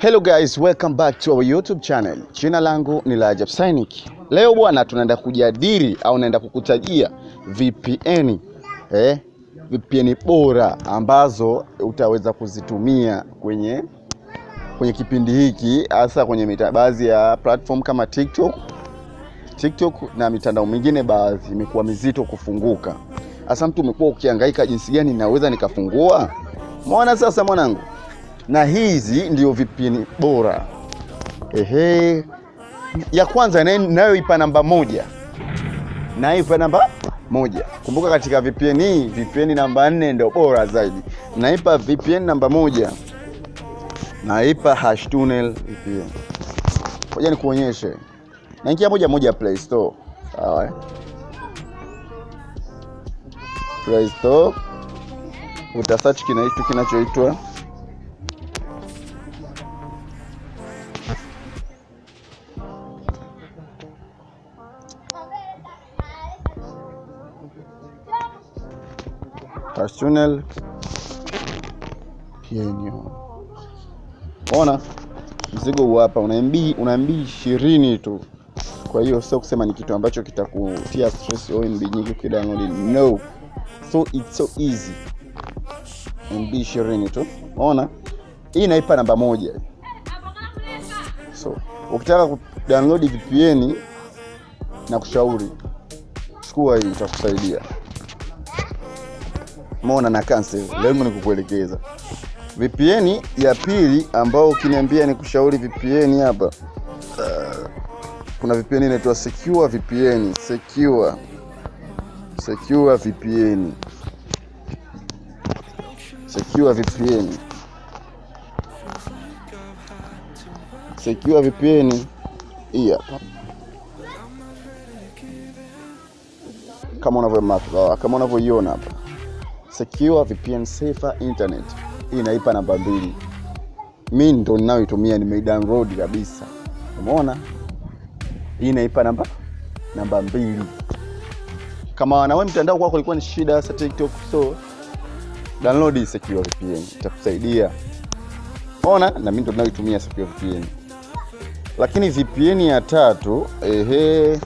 Hello guys, welcome back to our YouTube channel. Jina langu ni Rajab Synic. Leo bwana, tunaenda kujadili au naenda kukutajia VPN eh, VPN bora ambazo utaweza kuzitumia kwenye kwenye kipindi hiki hasa kwenye baadhi ya platform kama TikTok. TikTok na mitandao mingine baadhi imekuwa mizito kufunguka. Hasa mtu umekuwa ukihangaika jinsi gani naweza nikafungua? Mwana sasa mwanangu na hizi ndio VPN bora. Ehe, ya kwanza nayoipa namba moja, naipa namba moja. Kumbuka katika VPN hii, VPN namba nne ndio bora zaidi. Naipa VPN namba moja, naipa Hashtunnel VPN. Ngoja nikuonyeshe, naingia moja moja Play Store. Sawa, Play Store uta kinaitu kinaitwa kinachoitwa personnel pienyo. Ona mzigo huu hapa una MB una MB 20 tu, kwa hiyo sio kusema ni kitu ambacho kitakutia stress au MB nyingi ukidownload, no, so it's so easy. MB 20 tu, ona hii naipa namba moja. So ukitaka kudownload VPN na kushauri, chukua hii, itakusaidia mona na cancel. Lengo ni kukuelekeza VPN ya pili ambao ukiniambia ni kushauri VPN hapa, uh, kuna VPN inaitwa secure VPN, secure secure VPN, secure VPN, secure VPN hii hapa kama unavyo kama unavyoiona hapa Secure VPN Safer Internet. inaipa namba mbili. Mi ndo ninayoitumia nimeidownload kabisa. Umeona? Hii inaipa namba namba mbili. Kama na wewe mtandao kwako ulikuwa ni shida sa TikTok, so download hii Secure VPN itakusaidia. Umeona? Na mimi ndo ninayoitumia Secure VPN. Lakini VPN ya tatu ehe,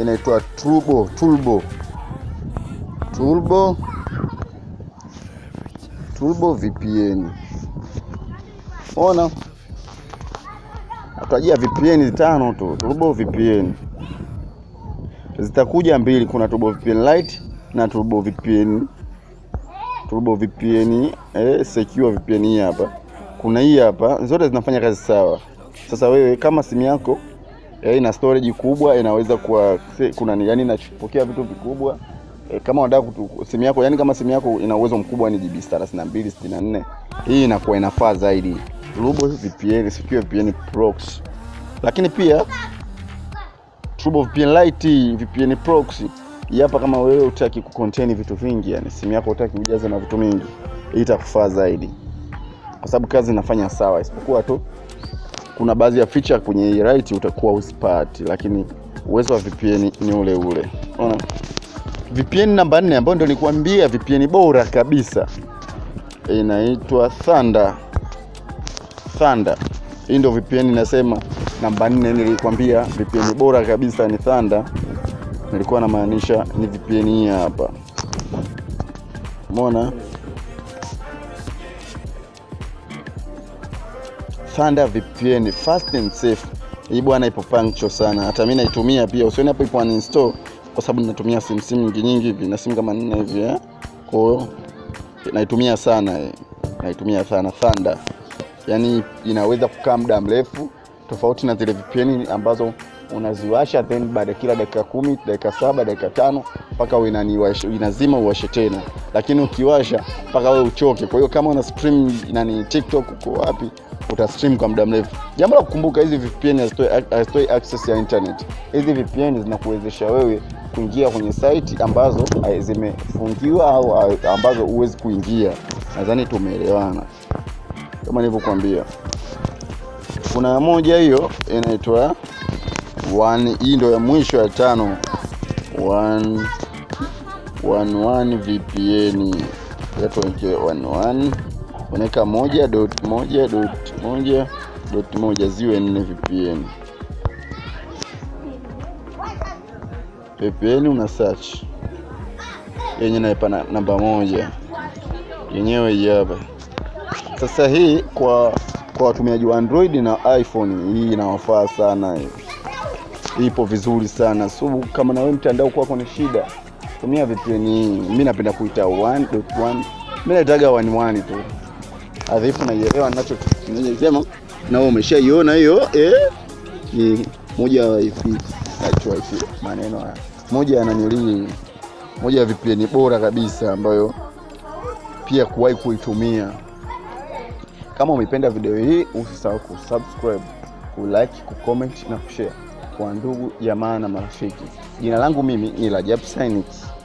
inaitwa Turbo Turbo Turbo Turbo VPN. Ona atajia VPN tano tu, Turbo VPN zitakuja mbili, kuna Turbo VPN Lite na Turbo VPN Turbo VPN eh, secure VPN hii hapa, kuna hii hapa, zote zinafanya kazi sawa. Sasa wewe kama simu yako eh, ina storage kubwa, inaweza kuwa kuna yani inapokea vitu vikubwa E, kama unataka simu yako yani, kama simu yako ina uwezo mkubwa ni GB 32 64, hii inakuwa inafaa zaidi. Turbo VPN, Secure VPN Proxy, lakini pia Turbo VPN Lite, VPN Proxy hii hapa, kama wewe utaki kucontain vitu vingi, yani simu yako utaki kujaza na vitu mingi, hii itakufaa zaidi, kwa sababu kazi inafanya sawa, isipokuwa tu kuna baadhi ya feature kwenye right utakuwa usipati, lakini uwezo wa VPN ni ule ule, unaona. VPN namba 4 ambayo ndio nikuambia VPN bora kabisa inaitwa Thunder. Thunder hii ndio VPN inasema namba 4. Nilikwambia VPN bora kabisa ni Thunder, nilikuwa namaanisha ni VPN hii hapa, umeona Thunder VPN fast and safe. Hii bwana ipo punctual sana, hata mimi naitumia pia. usioni hapo ipo uninstall kwa sababu ninatumia simu simu nyingi nyingi hivi na simu kama nne hivi eh. Kwa hiyo naitumia sana eh. Naitumia sana Thunder, yaani inaweza kukaa muda mrefu tofauti na zile VPN ambazo unaziwasha then baada kila dakika kumi, dakika saba, dakika tano mpaka wewe inazima uwashe tena, lakini ukiwasha mpaka wewe uchoke. Kwa hiyo kama una stream nani TikTok, uko wapi, uta stream kwa muda mrefu. Jambo la kukumbuka, hizi VPN hazitoi access ya internet. Hizi VPN zinakuwezesha wewe kuingia kwenye site ambazo eh, zimefungiwa au eh, ambazo huwezi kuingia nadhani tumeelewana kama nilivyokuambia kuna moja hiyo inaitwa hii ndo ya mwisho ya tano vpn unaweka moja dot moja dot moja dot moja ziwe nne vpn VPN una search yenye naipa namba moja yenyewe hii hapa sasa hii kwa kwa watumiaji wa android na iphone hii inawafaa sana hii ipo vizuri sana so kama nawe mtandao kwako ni shida tumia VPN hii mi napenda kuita 1.1 mi naitaga 1.1 tu adhifu naielewa nachosema na umeshaiona hiyo eh, ni moja ya Achua maneno haya. Moja yananilii, moja ya VPN bora kabisa ambayo pia kuwahi kuitumia. Kama umependa video hii, usisahau kusubscribe, kulike, kucomment na kushare kwa ndugu, jamaa na marafiki. Jina langu mimi ni Rajab Synic.